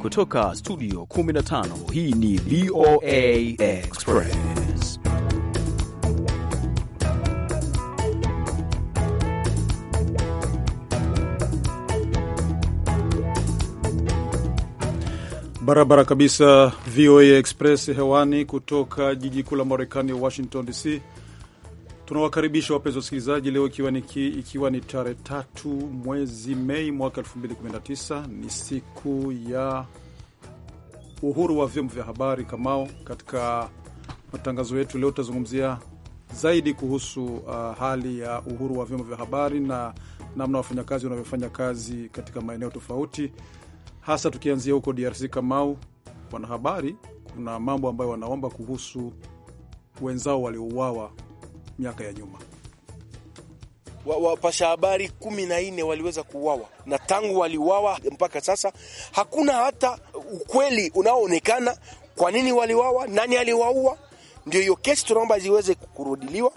Kutoka studio 15 hii ni VOA Express. Barabara kabisa, VOA Express hewani kutoka jiji kuu la Marekani, Washington DC. Tunawakaribisha wapenzi wasikilizaji, leo ikiwa ni, ikiwa ni tarehe tatu mwezi Mei mwaka 2019 ni siku ya uhuru wa vyombo vya habari. Kamao, katika matangazo yetu leo tutazungumzia zaidi kuhusu uh, hali ya uhuru wa vyombo vya habari na namna wafanyakazi wanavyofanya kazi katika maeneo tofauti, hasa tukianzia huko DRC. Kamau, wanahabari kuna mambo ambayo wanaomba kuhusu wenzao waliouawa miaka ya nyuma. Wapasha habari kumi na nne waliweza kuuawa, na tangu waliuawa mpaka sasa hakuna hata ukweli unaoonekana. Kwa nini waliuawa? Nani aliwaua? Ndio hiyo kesi tunaomba ziweze kurudiliwa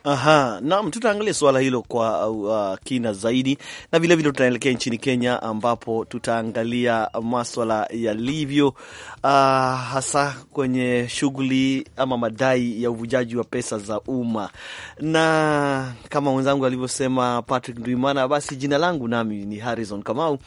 Aha, naam, tutaangalia suala hilo kwa uh, kina zaidi, na vilevile tutaelekea nchini Kenya ambapo tutaangalia maswala yalivyo, uh, hasa kwenye shughuli ama madai ya uvujaji wa pesa za umma, na kama mwenzangu alivyosema Patrick Ndwimana, basi jina langu nami ni Harrison Kamau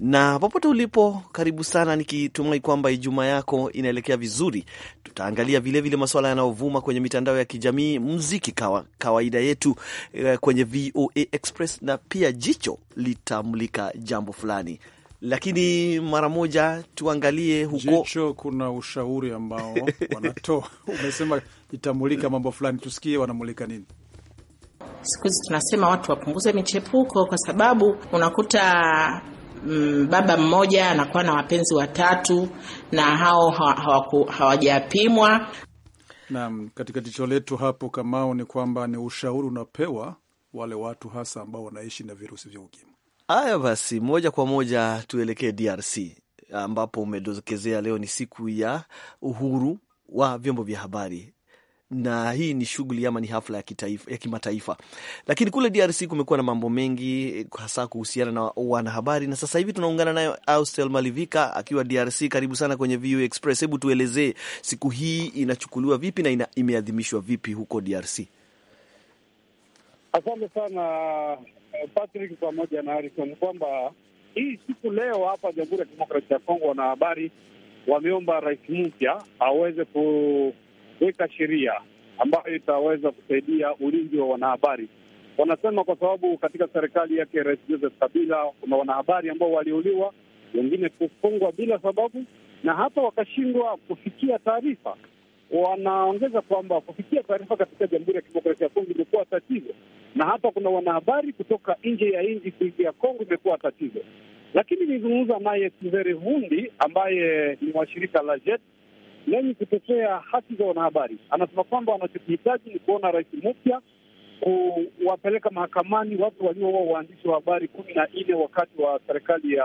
na popote ulipo, karibu sana, nikitumai kwamba Ijumaa yako inaelekea vizuri. Tutaangalia vilevile masuala yanayovuma kwenye mitandao ya kijamii, muziki kawa, kawaida yetu eh, kwenye VOA Express, na pia jicho litamulika jambo fulani lakini mara moja tuangalie huko jicho. Kuna ushauri ambao wanatoa umesema itamulika mambo fulani, tusikie wanamulika nini? Siku hizi tunasema watu wapunguze michepuko, kwa sababu unakuta Mm, baba mmoja anakuwa na wapenzi watatu na hao hawajapimwa nam katika jicho letu hapo Kamao, ni kwamba ni ushauri unapewa wale watu hasa ambao wanaishi na virusi vya ukimwi. Haya basi, moja kwa moja tuelekee DRC ambapo umedokezea leo ni siku ya uhuru wa vyombo vya habari na hii ni shughuli ama ni hafla ya kitaifa, ya kimataifa. Lakini kule DRC kumekuwa na mambo mengi hasa kuhusiana na wanahabari, na sasa hivi tunaungana nayo Austel Malivika akiwa DRC. Karibu sana kwenye VU Express. Hebu tuelezee siku hii inachukuliwa vipi na ina, imeadhimishwa vipi huko DRC? Asante sana eh, Patrick pamoja na Harison kwamba hii siku leo hapa Jamhuri ya Kidemokrasia ya Kongo wanahabari wameomba rais mpya aweze ku weka sheria ambayo itaweza kusaidia ulinzi wa wanahabari. Wanasema kwa sababu katika serikali yake Rais Joseph Kabila kuna wanahabari ambao waliuliwa, wengine kufungwa bila sababu, na hata wakashindwa kufikia taarifa. Wanaongeza kwamba kufikia taarifa katika Jamhuri ya Kidemokrasia ya Kongo imekuwa tatizo, na hata kuna wanahabari kutoka nje ya nchi kuingia Kongo imekuwa tatizo. Lakini nizungumza naye Kivere Hundi ambaye ni wa shirika la JET lenye kutetea haki za wanahabari. Anasema kwamba wanachokihitaji ni kuona rais mpya kuwapeleka mahakamani watu walioua waandishi wa habari kumi na nne wakati wa serikali ya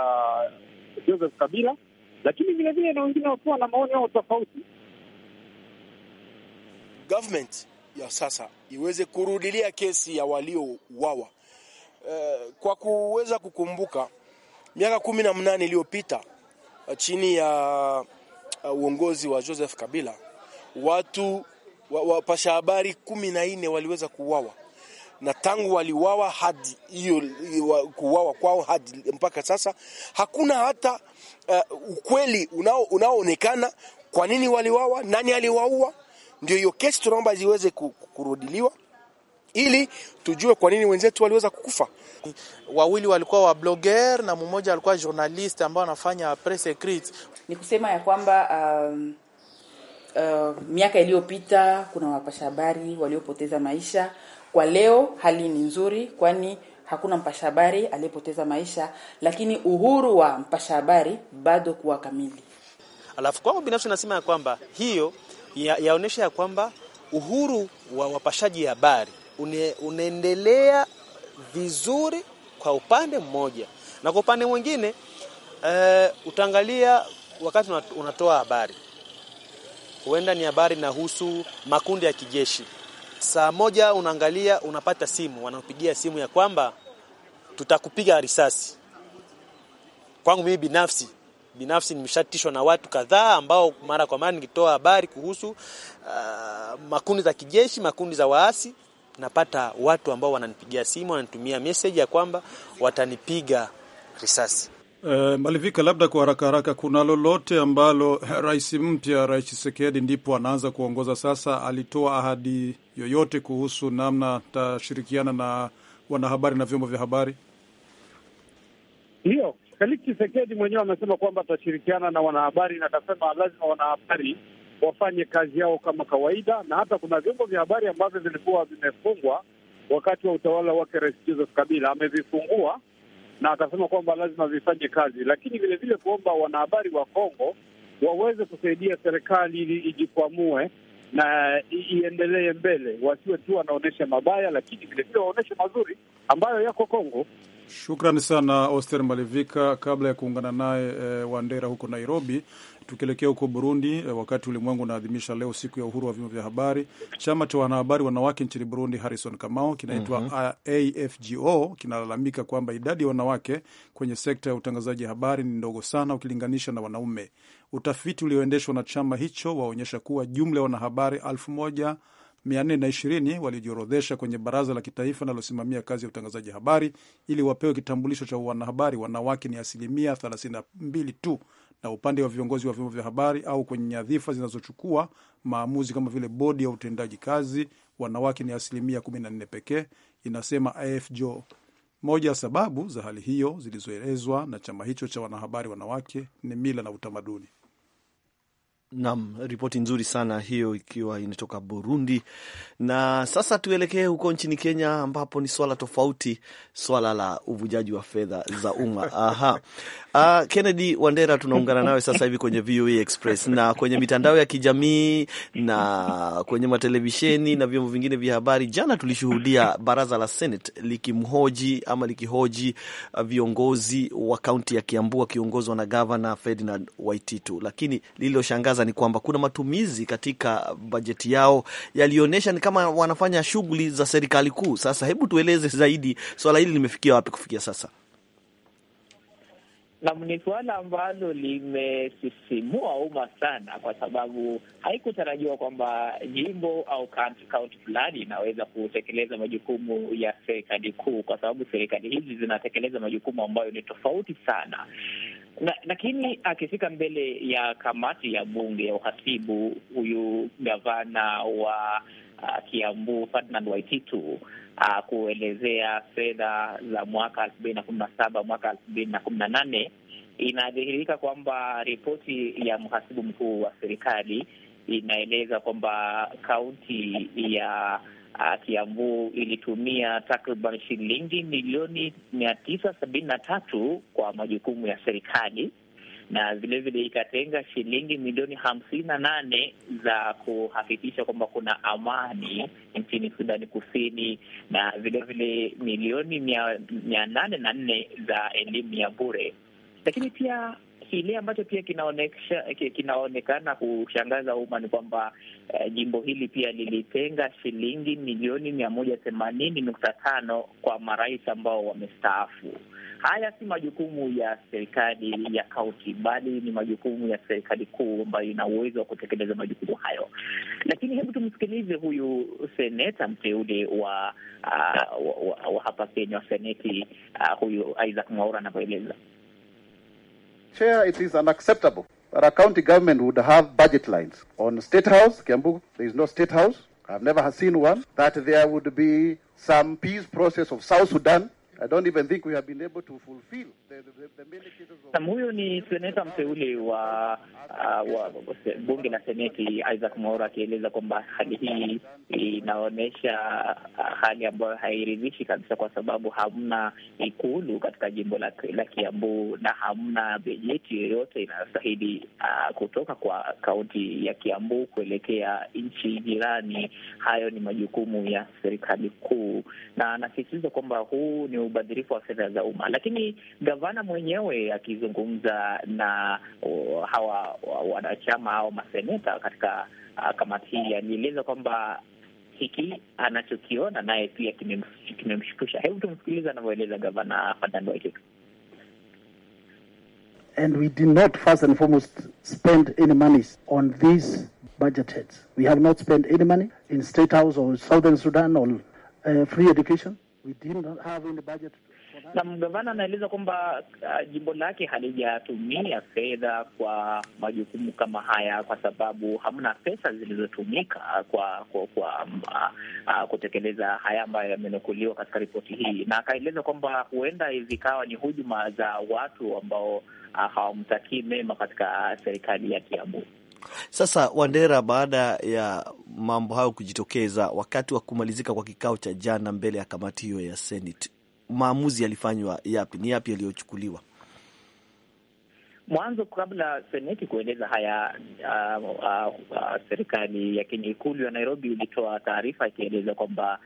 Joseph Kabila, lakini vilevile na wengine wakiwa na maoni yao tofauti. Government ya sasa iweze kurudilia kesi ya waliowawa eh, kwa kuweza kukumbuka miaka kumi na mnane iliyopita chini ya Uh, uongozi wa Joseph Kabila watu wapasha wa habari kumi na nne waliweza kuuawa na tangu waliuawa hadi hiyo kuuawa kwao hadi mpaka sasa hakuna hata uh, ukweli unaoonekana kwa nini waliwawa, nani aliwaua. Ndio hiyo kesi tunaomba ziweze kurudiliwa ili tujue kwa nini wenzetu waliweza kukufa. Wawili walikuwa wa blogger na mmoja alikuwa journalist ambao anafanya press secret ni kusema ya kwamba um, uh, miaka iliyopita kuna wapasha habari waliopoteza maisha. Kwa leo hali ni nzuri, kwani hakuna mpasha habari aliyepoteza maisha, lakini uhuru wa mpasha habari bado kuwa kamili. Alafu kwangu binafsi nasema ya kwamba hiyo ya, yaonyesha ya kwamba uhuru wa wapashaji habari une, unaendelea vizuri kwa upande mmoja, na kwa upande mwingine uh, utaangalia wakati unatoa habari, huenda ni habari inahusu makundi ya kijeshi, saa moja unaangalia, unapata simu, wanapigia simu ya kwamba tutakupiga risasi. Kwangu mimi binafsi binafsi nimeshatishwa na watu kadhaa ambao mara kwa mara nikitoa habari kuhusu uh, makundi za kijeshi, makundi za waasi, napata watu ambao wananipigia simu, wananitumia message ya kwamba watanipiga risasi. E, Malivika, labda kwa haraka haraka, kuna lolote ambalo rais mpya Rais Chisekedi ndipo anaanza kuongoza sasa, alitoa ahadi yoyote kuhusu namna atashirikiana na wanahabari na vyombo vya habari? Ndiyo, Felix Chisekedi mwenyewe amesema kwamba atashirikiana na wanahabari, na akasema lazima wanahabari wafanye kazi yao kama kawaida, na hata kuna vyombo vya habari ambavyo vilikuwa vimefungwa wakati wa utawala wake Rais Joseph Kabila amevifungua na akasema kwamba lazima vifanye kazi, lakini vilevile kuomba wanahabari wa Kongo waweze kusaidia serikali ili ijikwamue na iendelee mbele, wasiwe tu wanaonyesha mabaya, lakini vilevile waonyeshe mazuri ambayo yako Kongo. Shukrani sana Oster Malivika, kabla ya kuungana naye e, Wandera huko Nairobi. Tukielekea huko Burundi, eh, wakati ulimwengu unaadhimisha leo siku ya uhuru wa vyombo vya habari, chama cha wanahabari wanawake nchini Burundi, Harrison Kamau, kinaitwa mm -hmm. AFGO kinalalamika kwamba idadi ya wanawake kwenye sekta ya utangazaji habari ni ndogo sana ukilinganisha na wanaume. Utafiti ulioendeshwa na chama hicho waonyesha kuwa jumla ya wanahabari elfu moja 420 walijiorodhesha kwenye baraza la kitaifa linalosimamia kazi ya utangazaji habari ili wapewe kitambulisho cha wanahabari. Wanawake ni asilimia 32 tu na upande wa viongozi wa vyombo vya habari au kwenye nyadhifa zinazochukua maamuzi kama vile bodi ya utendaji kazi, wanawake ni asilimia 14 pekee, inasema AFJ. Moja ya sababu za hali hiyo zilizoelezwa na chama hicho cha wanahabari wanawake ni mila na utamaduni. Nam, ripoti nzuri sana hiyo, ikiwa inatoka Burundi. Na sasa tuelekee huko nchini Kenya, ambapo ni swala tofauti, swala la uvujaji wa fedha za umma. Aha. Uh, Kennedy Wandera, tunaungana nawe sasa hivi kwenye VOA e Express na kwenye mitandao ya kijamii na kwenye matelevisheni na vyombo vingine vya habari. Jana tulishuhudia baraza la Senate likimhoji ama likihoji ah, viongozi wa kaunti ya Kiambu wakiongozwa na gavana Ferdinand Waititu, lakini lililoshangaza Uingereza ni kwamba kuna matumizi katika bajeti yao yalionyesha ni kama wanafanya shughuli za serikali kuu. Sasa hebu tueleze zaidi swala hili limefikia wapi kufikia sasa? Nam, ni suala ambalo limesisimua umma sana, kwa sababu haikutarajiwa kwamba jimbo au kaunti fulani inaweza kutekeleza majukumu ya serikali kuu, kwa sababu serikali hizi zinatekeleza majukumu ambayo ni tofauti sana na, lakini akifika mbele ya kamati ya bunge ya uhasibu, huyu gavana wa uh, Kiambu Ferdinand Waititu uh, kuelezea fedha za mwaka elfu mbili na kumi na saba mwaka elfu mbili na kumi na nane inadhihirika kwamba ripoti ya mhasibu mkuu wa serikali inaeleza kwamba kaunti ya Ah, Kiambu ilitumia takriban shilingi milioni mia tisa sabini na tatu kwa majukumu ya serikali na vilevile ikatenga shilingi milioni hamsini na nane za kuhakikisha kwamba kuna amani nchini Sudani Kusini, na vilevile milioni mia nane na nne za elimu ya bure. Lakini pia kile ambacho pia kinaonekana kushangaza umma ni kwamba eh, jimbo hili pia lilitenga shilingi milioni mia moja themanini nukta tano kwa marais ambao wamestaafu. Haya si majukumu ya serikali ya kaunti, bali ni majukumu ya serikali kuu ambayo ina uwezo wa kutekeleza majukumu hayo. Lakini hebu tumsikilize huyu seneta mteule wa, uh, wa, wa, wa hapa Kenya, wa seneti uh, huyu Isaac Mwaura anavyoeleza. Chair, it is unacceptable that a county government would have budget lines. On State House, there is no State House. I've never seen one. That there would be some peace process of South Sudan Huyu ni seneta mteule wa, uh, wa bunge la seneti Isaac mora akieleza kwamba hali hii inaonyesha uh, hali ambayo hairidhishi kabisa, kwa sababu hamna ikulu katika jimbo la, la Kiambu na hamna bajeti yoyote inayostahili uh, kutoka kwa kaunti ya Kiambu kuelekea nchi jirani. Hayo ni majukumu ya serikali kuu, na anasisitiza kwamba huu ni ubadhirifu wa fedha za umma. Lakini gavana mwenyewe akizungumza na uh, hawa wanachama au maseneta katika uh, kamati hii alieleza kwamba hiki anachokiona naye pia kimemshtusha. Hebu tumsikiliza anavyoeleza gavana Ferdinand Waititu. And we did not first and foremost spend any on these budget heads. We have not spent any money in State House or Southern Sudan or uh, free education. We didn't have in the budget na gavana anaeleza kwamba uh, jimbo lake halijatumia fedha kwa majukumu kama haya kwa sababu hamna pesa zilizotumika kwa kwa, kwa uh, uh, kutekeleza haya ambayo yamenukuliwa katika ripoti hii, na akaeleza kwamba huenda zikawa ni hujuma za watu ambao uh, hawamtakii mema katika serikali ya Kiambu. Sasa Wandera, baada ya mambo hayo kujitokeza, wakati wa kumalizika kwa kikao cha jana mbele ya kamati hiyo ya Senate, maamuzi yalifanywa yapi? Ni yapi yaliyochukuliwa? Mwanzo, kabla seneti kueleza haya, uh, uh, uh, serikali ya Kenya, ikulu ya Nairobi ilitoa taarifa ikieleza kwamba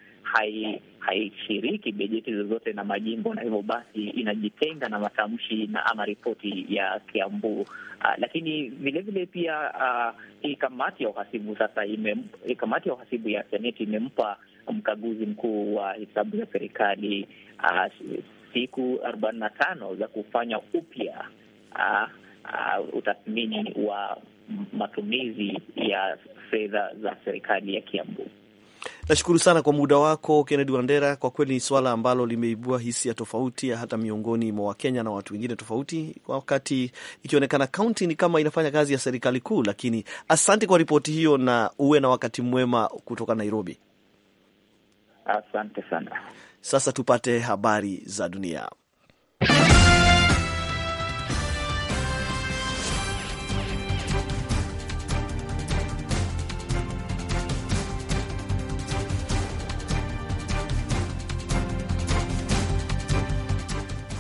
haishiriki hai bajeti zozote na majimbo, na hivyo basi inajitenga na matamshi na ama ripoti ya Kiambu. Uh, lakini vilevile vile pia ah, hii kamati ya uhasibu sasa ime, kamati ya uhasibu ya seneti imempa mkaguzi mkuu wa hesabu za serikali uh, siku arobaini na tano za kufanya upya uh, uh, utathmini wa matumizi ya fedha za serikali ya Kiambu. Nashukuru sana kwa muda wako Kennedy Wandera. Kwa kweli ni swala ambalo limeibua hisia tofauti hata miongoni mwa Wakenya na watu wengine tofauti, wakati ikionekana kaunti ni kama inafanya kazi ya serikali kuu. Lakini asante kwa ripoti hiyo, na uwe na wakati mwema kutoka Nairobi. Asante sana. Sasa tupate habari za dunia.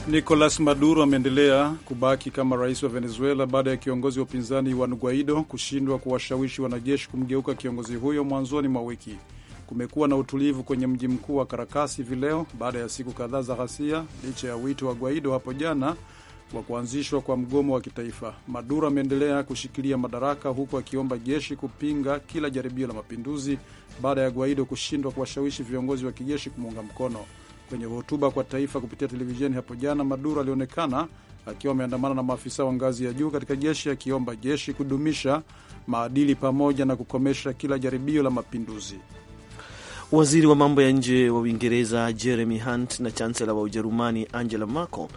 Nicolas Maduro ameendelea kubaki kama rais wa Venezuela baada ya kiongozi wa upinzani Juan Guaido kushindwa kuwashawishi wanajeshi kumgeuka kiongozi huyo mwanzoni mwa wiki. Kumekuwa na utulivu kwenye mji mkuu wa Karakasi hivi leo baada ya siku kadhaa za ghasia, licha ya wito wa Guaido hapo jana wa kuanzishwa kwa mgomo wa kitaifa. Maduro ameendelea kushikilia madaraka huku akiomba jeshi kupinga kila jaribio la mapinduzi baada ya Guaido kushindwa kuwashawishi viongozi wa kijeshi kumuunga mkono. Kwenye hotuba kwa taifa kupitia televisheni hapo jana, Maduro alionekana akiwa ameandamana na maafisa wa ngazi ya juu katika jeshi akiomba jeshi kudumisha maadili pamoja na kukomesha kila jaribio la mapinduzi. Waziri wa mambo ya nje wa Uingereza Jeremy Hunt na chansela wa Ujerumani Angela Merkel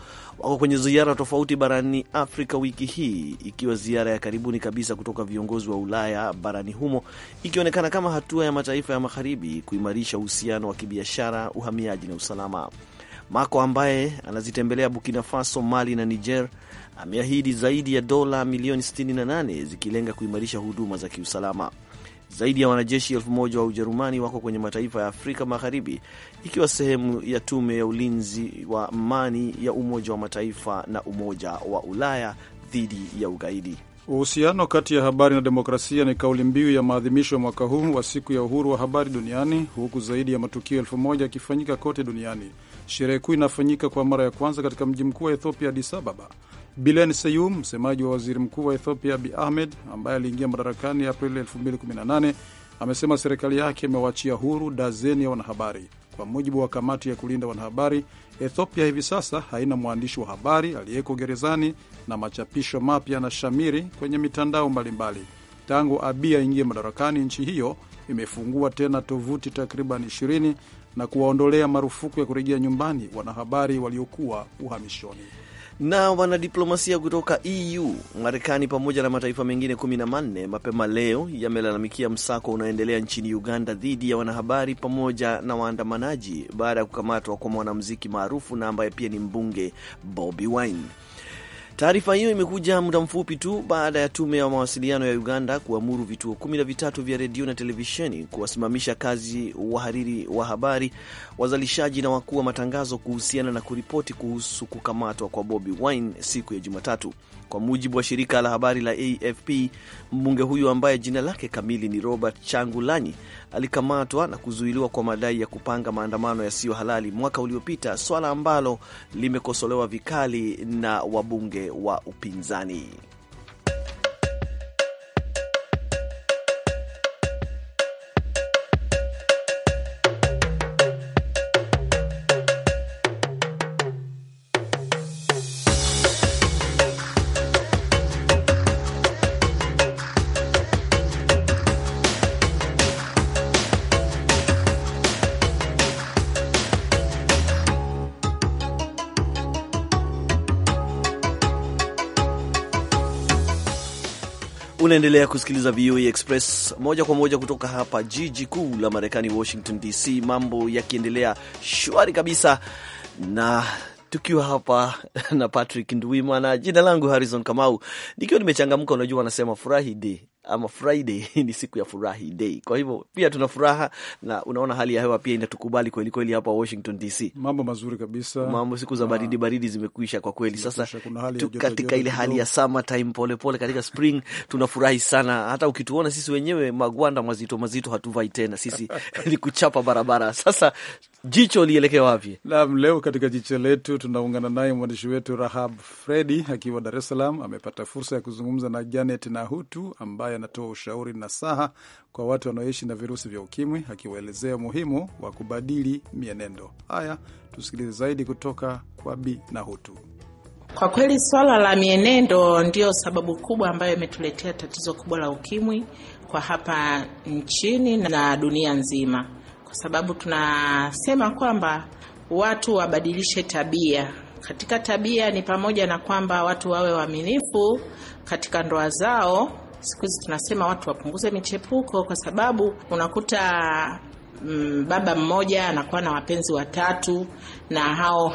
wako kwenye ziara tofauti barani Afrika wiki hii, ikiwa ziara ya karibuni kabisa kutoka viongozi wa Ulaya barani humo, ikionekana kama hatua ya mataifa ya magharibi kuimarisha uhusiano wa kibiashara, uhamiaji na usalama. Mako ambaye anazitembelea Burkina Faso, Mali na Niger ameahidi zaidi ya dola milioni 68 zikilenga kuimarisha huduma za kiusalama. Zaidi ya wanajeshi elfu moja wa Ujerumani wako kwenye mataifa ya Afrika Magharibi, ikiwa sehemu ya tume ya ulinzi wa amani ya Umoja wa Mataifa na Umoja wa Ulaya dhidi ya ugaidi. Uhusiano kati ya habari na demokrasia ni kauli mbiu ya maadhimisho ya mwaka huu wa siku ya uhuru wa habari duniani, huku zaidi ya matukio elfu moja yakifanyika kote duniani. Sherehe kuu inafanyika kwa mara ya kwanza katika mji mkuu wa Ethiopia, Addis Ababa. Bilen Seyum, msemaji wa waziri mkuu wa Ethiopia abi Ahmed, ambaye aliingia madarakani Aprili 2018, amesema serikali yake imewachia huru dazeni ya wanahabari. Kwa mujibu wa kamati ya kulinda wanahabari, Ethiopia hivi sasa haina mwandishi wa habari aliyeko gerezani na machapisho mapya na shamiri kwenye mitandao mbalimbali. Tangu abi aingie madarakani, nchi hiyo imefungua tena tovuti takriban 20 na kuwaondolea marufuku ya kurejea nyumbani wanahabari waliokuwa uhamishoni. Na wanadiplomasia kutoka EU, Marekani pamoja na mataifa mengine kumi na manne mapema leo yamelalamikia msako unaoendelea nchini Uganda dhidi ya wanahabari pamoja na waandamanaji baada ya kukamatwa kwa mwanamuziki maarufu na ambaye pia ni mbunge Bobi Wine. Taarifa hiyo imekuja muda mfupi tu baada ya tume ya mawasiliano ya Uganda kuamuru vituo kumi na vitatu vya redio na televisheni kuwasimamisha kazi wahariri wa habari, wazalishaji na wakuu wa matangazo kuhusiana na kuripoti kuhusu kukamatwa kwa Bobi Wine siku ya Jumatatu, kwa mujibu wa shirika la habari la AFP. Mbunge huyu ambaye jina lake kamili ni Robert Changulanyi alikamatwa na kuzuiliwa kwa madai ya kupanga maandamano yasiyo halali mwaka uliopita, swala ambalo limekosolewa vikali na wabunge upande wa upinzani. Unaendelea kusikiliza VOA Express moja kwa moja kutoka hapa jiji kuu la Marekani, Washington DC. Mambo yakiendelea shwari kabisa, na tukiwa hapa na Patrick Ndwimana. Jina langu Harrison Kamau, nikiwa nimechangamka. Unajua wanasema furahi de ama Friday ni siku ya furahi day. Kwa hivyo pia tuna furaha, na unaona hali ya hewa pia inatukubali kweli kweli hapa Washington DC, mambo mazuri kabisa, mambo siku za ah. baridi baridi zimekwisha kwa kweli. Sasa tu katika ile hali ya summer time, pole pole katika spring tunafurahi sana, hata ukituona sisi wenyewe magwanda mazito mazito hatuvai tena sisi ni kuchapa barabara. Sasa jicho lielekea wapi? Naam, leo katika jicho letu tunaungana naye mwandishi wetu Rahab Fredi akiwa Dar es Salaam, amepata fursa ya kuzungumza na Janet Nahutu ambaye anatoa ushauri na saha kwa watu wanaoishi na virusi vya ukimwi, akiwaelezea umuhimu wa kubadili mienendo. Haya, tusikilize zaidi kutoka kwa Bi Nahutu. Kwa kweli swala la mienendo ndiyo sababu kubwa ambayo imetuletea tatizo kubwa la ukimwi kwa hapa nchini na dunia nzima, kwa sababu tunasema kwamba watu wabadilishe tabia. Katika tabia ni pamoja na kwamba watu wawe waaminifu katika ndoa zao, siku hizi tunasema watu wapunguze michepuko, kwa sababu unakuta mm, baba mmoja anakuwa na wapenzi watatu na hao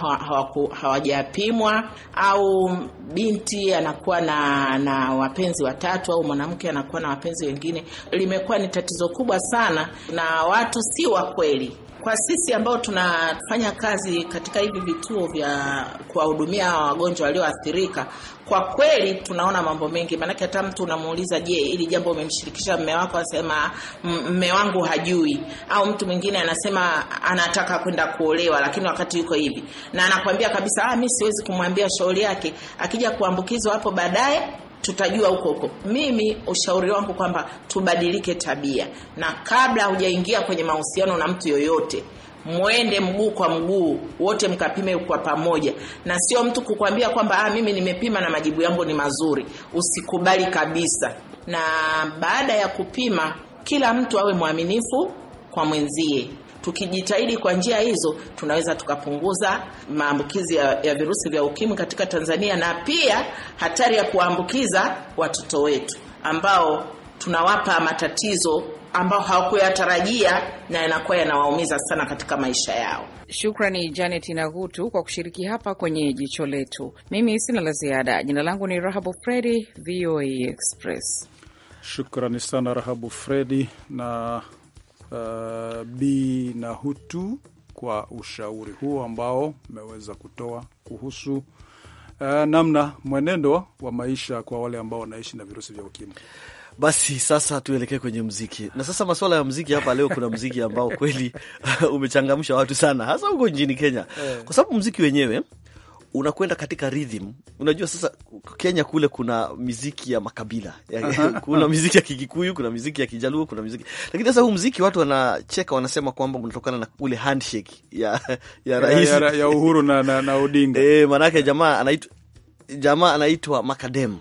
hawajapimwa au binti anakuwa na na wapenzi watatu au mwanamke anakuwa na wapenzi wengine. Limekuwa ni tatizo kubwa sana, na watu si wa kweli kwa sisi ambao tunafanya kazi katika hivi vituo vya kuwahudumia wagonjwa walioathirika, kwa kweli tunaona mambo mengi, maanake hata mtu unamuuliza, je, ili jambo umemshirikisha mme wako? Asema mme wangu hajui, au mtu mwingine anasema anataka kwenda kuolewa, lakini wakati yuko hivi, na anakwambia kabisa, ah, mi siwezi kumwambia shauri yake, akija kuambukizwa hapo baadaye tutajua huko huko. Mimi ushauri wangu kwamba tubadilike tabia, na kabla hujaingia kwenye mahusiano na mtu yoyote mwende mguu kwa mguu wote mkapime kwa pamoja, na sio mtu kukwambia kwamba ah, mimi nimepima na majibu yangu ni mazuri. Usikubali kabisa. Na baada ya kupima, kila mtu awe mwaminifu kwa mwenzie. Tukijitahidi kwa njia hizo, tunaweza tukapunguza maambukizi ya, ya virusi vya ukimwi katika Tanzania na pia hatari ya kuambukiza watoto wetu ambao tunawapa matatizo ambao hawakuyatarajia na yanakuwa yanawaumiza sana katika maisha yao. Shukrani Janet Nagutu kwa kushiriki hapa kwenye jicho letu. Mimi sina la ziada. Jina langu ni Rahabu Fredi, VOA Express. Shukrani sana Rahabu Fredi na uh, Bi na Hutu kwa ushauri huo ambao mmeweza kutoa kuhusu uh, namna mwenendo wa maisha kwa wale ambao wanaishi na virusi vya ukimwi. Basi sasa tuelekee kwenye mziki na sasa masuala ya mziki hapa leo. Kuna mziki ambao kweli umechangamsha watu sana, hasa huko nchini Kenya, eh. kwa sababu mziki wenyewe unakwenda katika rhythm. Unajua sasa Kenya kule kuna miziki ya makabila kuna miziki ya Kigikuyu, kuna miziki ya Kijaluo, kuna miziki lakini sasa huu mziki watu wanacheka, wanasema kwamba unatokana na ule handshake ya, ya rais ya, ya, ya Uhuru na, na, na Odinga e, eh, maanake jamaa anaitwa jamaa anaitwa Makadem.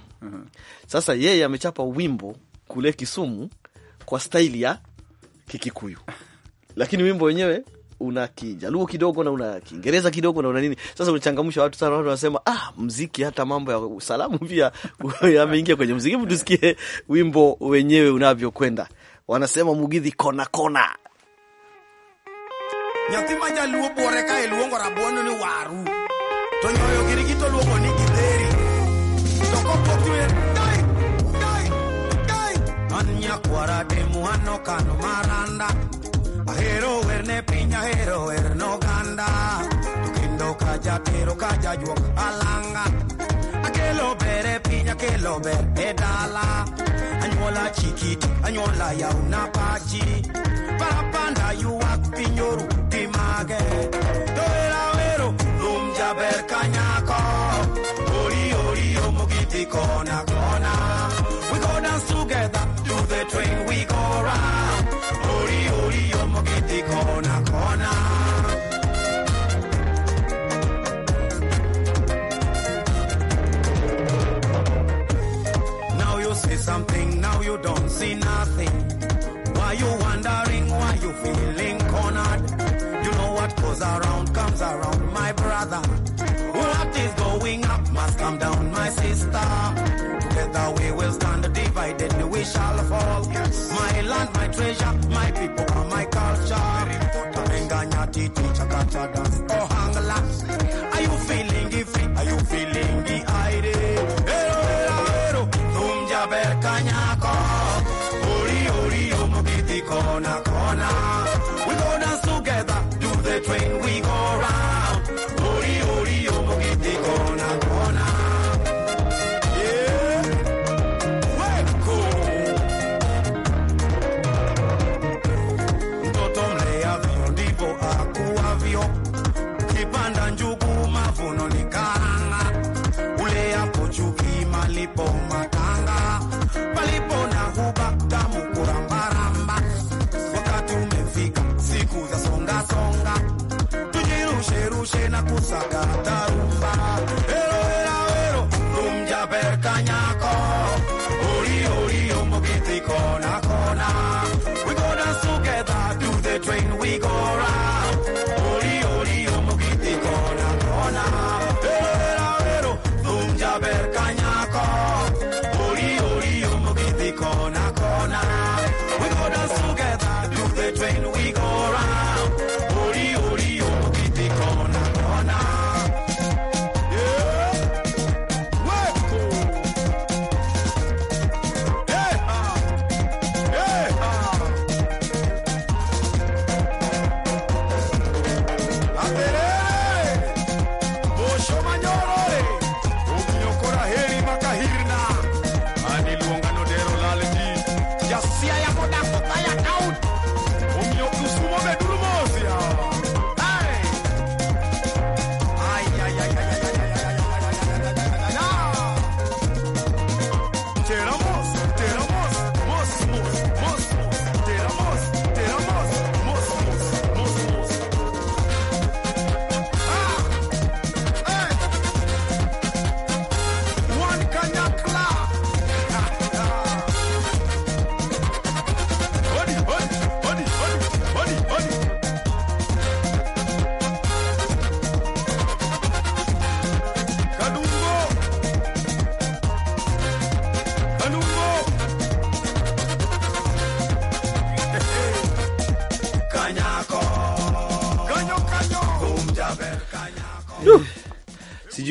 Sasa yeye amechapa wimbo kule Kisumu kwa staili ya Kikikuyu, lakini wimbo wenyewe una Kijaluo kidogo na una Kiingereza kidogo na una nini. Sasa unachangamsha watu sana, watu wanasema ah, mziki hata mambo ya usalamu pia yameingia kwenye mziki. Hebu tusikie wimbo wenyewe unavyokwenda, wanasema Mugidhi kona kona nyathi ma Jaluo bore ka iluongo ni waru to nyoyo luongo ni to an nyakwara maranda Ajero werne piña ajero werno ganda. Kendo kaya tero kaya yo alanga. Akelo ber piña que lo ber edala. Anyola chiquito anyola ya una pachi. Papanda you ak piñoru mage. Doera vero lumja ber cañaco. Ori ori omogiti conaco. see nothing. Why you wondering? Why you feeling cornered? You know what goes around comes around, my brother. What is going up must come down, my sister. Together we will stand divided, we shall fall. Yes. My land, my treasure, my people, and my culture. Nganyati, teacher, culture, dance, oh, hang plane.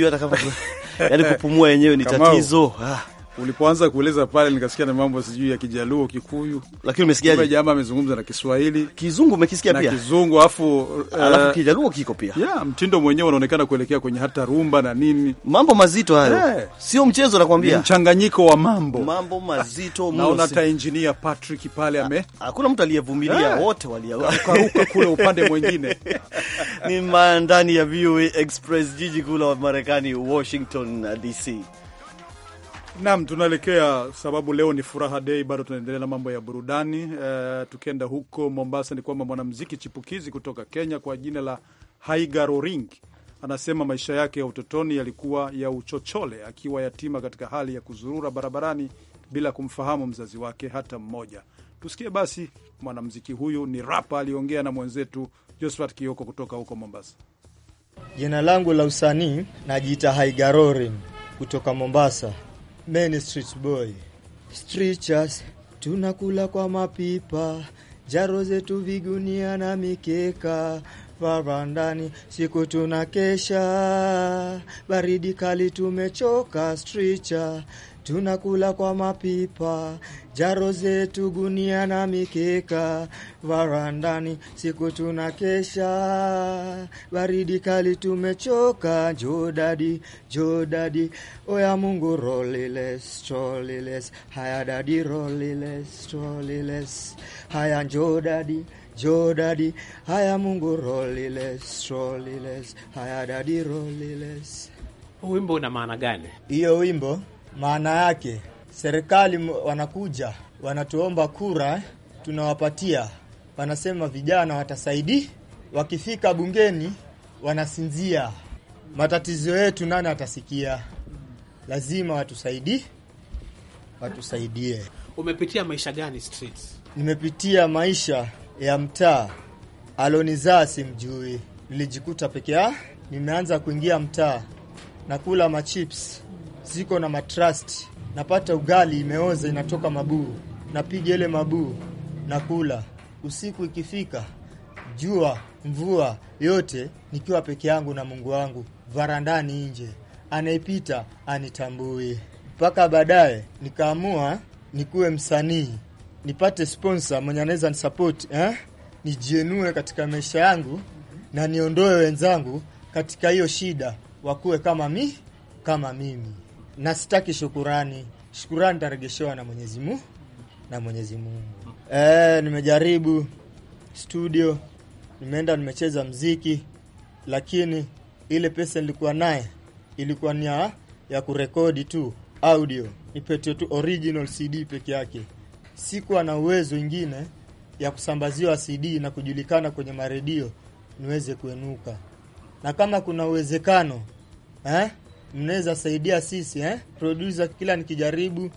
sijui hata kama yaani kupumua yenyewe ni tatizo ah ulipoanza kueleza pale nikasikia na mambo sijui ya Kijaluo, Kikuyu, lakini umesikiaje? Jamaa amezungumza na Kiswahili, Kizungu umekisikia pia, na Kizungu alafu uh, Kijaluo kiko pia yeah, mtindo mwenyewe unaonekana kuelekea kwenye hata rumba na nini, mambo mazito hayo yeah. Sio mchezo, nakwambia, mchanganyiko wa mambo mambo mazito mno. Naona hata engineer Patrick pale ame, hakuna mtu aliyevumilia yeah. Wote waliruka kule upande mwingine ni ndani ya VOA Express, jiji kuu la Marekani, Washington DC. Naam, tunaelekea sababu leo ni furaha dei, bado tunaendelea na mambo ya burudani. Uh, tukienda huko Mombasa ni kwamba mwanamuziki chipukizi kutoka Kenya kwa jina la Haiga Roring anasema maisha yake ya utotoni yalikuwa ya uchochole, akiwa yatima katika hali ya kuzurura barabarani bila kumfahamu mzazi wake hata mmoja. Tusikie basi mwanamuziki huyu, ni rapa, aliongea na mwenzetu Josphat Kioko kutoka huko Mombasa. Jina langu la usanii najiita Haigaroring kutoka Mombasa. Many Street Boy. Strichas tunakula kwa mapipa, jaro zetu vigunia na mikeka varandani siku tunakesha, baridi kali tumechoka stricha tunakula kwa mapipa, jaro zetu, gunia na mikeka, varandani siku tunakesha, baridi kali tumechoka, jodadi jodadi, oya Mungu roliles troliles, haya dadi roliles troliles, haya njodadi jodadi, haya Mungu roliles troliles, haya dadi roliles. Wimbo una maana gani? Hiyo wimbo maana yake serikali wanakuja wanatuomba kura, tunawapatia, wanasema vijana watasaidi, wakifika bungeni wanasinzia. Matatizo yetu nani atasikia? Lazima watusaidi watusaidie. Umepitia maisha gani streets? Nimepitia maisha ya mtaa, alonizaa simjui, nilijikuta pekea, nimeanza kuingia mtaa na kula machips ziko na matrust. Napata ugali imeoza inatoka mabuu, napiga ile mabuu nakula. Usiku ikifika, jua, mvua yote, nikiwa peke yangu na Mungu wangu varandani nje, anayepita anitambui. Mpaka baadaye nikaamua nikuwe msanii, nipate sponsor mwenye anaweza nisapoti eh? Nijienue katika maisha yangu na niondoe wenzangu katika hiyo shida, wakuwe kama mi kama mimi na sitaki shukurani. Shukurani taregeshewa na Mwenyezi Mungu na Mwenyezi Mungu. E, nimejaribu studio, nimeenda nimecheza mziki, lakini ile pesa nilikuwa naye ilikuwa ni ya kurekodi tu audio, nipetie tu original CD peke yake. Sikuwa na uwezo ingine ya kusambaziwa CD na kujulikana kwenye maredio niweze kuenuka, na kama kuna uwezekano eh mnaweza saidia sisi eh? Producer kila nikijaribu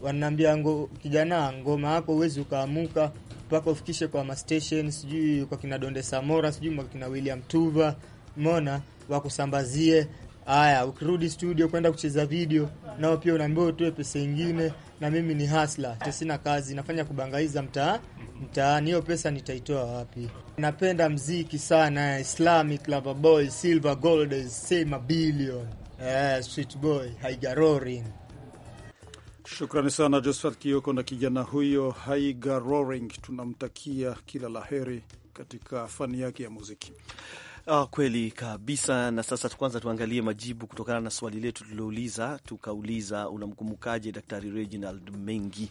wananiambia ngo, kijana ngoma yako uwezi ukaamuka mpaka ufikishe kwa mastation, sijui kwa kina Donde Samora, sijui kwa kina William Tuva, umeona wakusambazie. Haya, ukirudi studio kwenda kucheza video, nao pia unaambia utoe pesa nyingine. Na mimi ni hasla, sina kazi, nafanya kubangaiza mtaa mtaani, hiyo pesa nitaitoa wapi? Napenda mziki sana, Islamic Lover Boy, Silver Gold, Sema Billion Uh, sweet boy Haigaroring. Shukrani sana Josephat Kioko na kijana huyo Roaring, tunamtakia kila laheri katika fani yake ya muziki. Ah, kweli kabisa. Na sasa kwanza tuangalie majibu kutokana na swali letu tulilouliza, tukauliza unamkumbukaje Daktari Reginald Mengi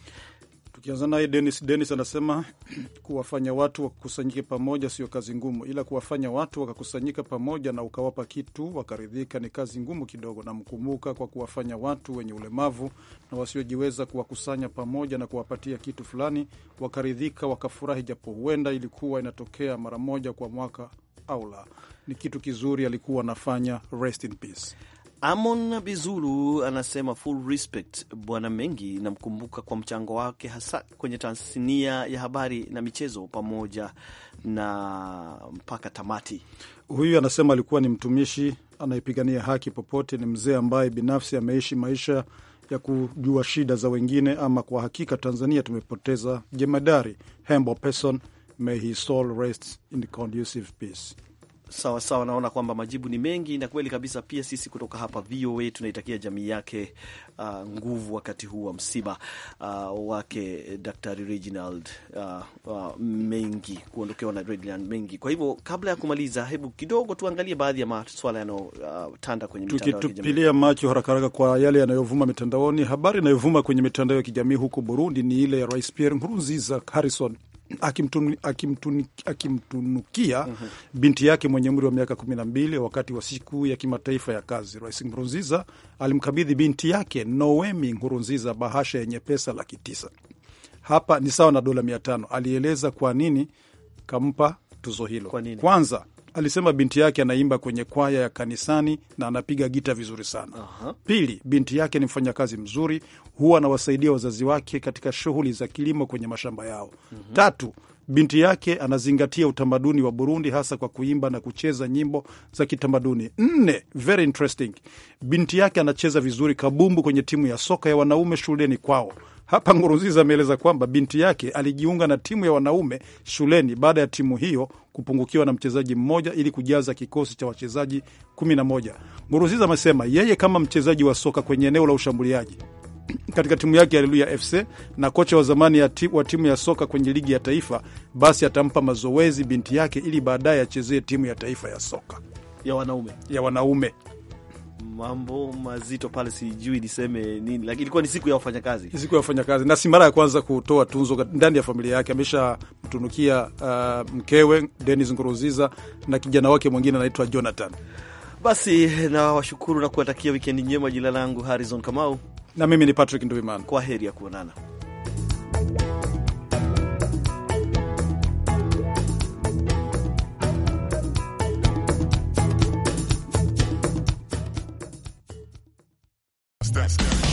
Tukianza naye Dennis. Dennis anasema kuwafanya watu wakakusanyike pamoja sio kazi ngumu, ila kuwafanya watu wakakusanyika pamoja na ukawapa kitu wakaridhika ni kazi ngumu kidogo. Namkumbuka kwa kuwafanya watu wenye ulemavu na wasiojiweza kuwakusanya pamoja na kuwapatia kitu fulani wakaridhika, wakafurahi, japo huenda ilikuwa inatokea mara moja kwa mwaka au la. Ni kitu kizuri alikuwa anafanya. Rest in peace. Amon Bizulu anasema full respect Bwana Mengi, namkumbuka kwa mchango wake hasa kwenye tasnia ya habari na michezo pamoja na mpaka tamati. Huyu anasema alikuwa ni mtumishi anayepigania haki popote, ni mzee ambaye binafsi ameishi maisha ya kujua shida za wengine. Ama kwa hakika Tanzania tumepoteza jemadari Hembo Person, may his soul rest in conducive peace. Sawa sawa, naona kwamba majibu ni mengi na kweli kabisa. Pia sisi kutoka hapa VOA tunaitakia jamii yake uh, nguvu wakati huu wa msiba uh, wake Dr. Reginald uh, uh, Mengi kuondokewa na Reginald Mengi. Kwa hivyo kabla ya kumaliza, hebu kidogo tuangalie baadhi ya maswala yanayotanda uh, kwenye mitandao, tukitupilia macho haraka haraka kwa yale yanayovuma mitandaoni. Habari inayovuma kwenye mitandao ya kijamii huko Burundi ni ile ya Rais Pierre Nkurunziza Harrison akimtunukia mm -hmm. binti yake mwenye umri wa miaka kumi na mbili wakati wa siku ya kimataifa ya kazi. Rais Nkurunziza alimkabidhi binti yake Noemi Nkurunziza bahasha yenye pesa laki tisa hapa ni sawa na dola mia tano. Alieleza kwa nini kampa tuzo hilo. Kwanza Alisema binti yake anaimba kwenye kwaya ya kanisani na anapiga gita vizuri sana. Aha. Pili, binti yake ni mfanyakazi mzuri, huwa anawasaidia wazazi wake katika shughuli za kilimo kwenye mashamba yao. mm -hmm. Tatu, binti yake anazingatia utamaduni wa Burundi hasa kwa kuimba na kucheza nyimbo za kitamaduni. Nne, very interesting, binti yake anacheza vizuri kabumbu kwenye timu ya soka ya wanaume shuleni kwao. Hapa Nkurunziza ameeleza kwamba binti yake alijiunga na timu ya wanaume shuleni baada ya timu hiyo kupungukiwa na mchezaji mmoja ili kujaza kikosi cha wachezaji kumi na moja. Nkurunziza amesema yeye kama mchezaji wa soka kwenye eneo la ushambuliaji katika timu yake ya Haleluya FC na kocha wa zamani wa timu ya soka kwenye ligi ya taifa, basi atampa mazoezi binti yake ili baadaye achezee timu ya taifa ya soka ya wanaume, ya wanaume mambo mazito pale, sijui niseme nini, lakini ilikuwa ni siku ya wafanyakazi, siku ya wafanyakazi, na si mara ya kwanza kutoa tunzo ndani ya familia yake. Ameshamtunukia uh, mkewe Denis Nguruziza na kijana wake mwingine anaitwa Jonathan. Basi na washukuru na kuwatakia wikendi njema. Jina langu Harrison Kamau na mimi ni Patrick Nduimana. Kwa heri ya kuonana. That's good.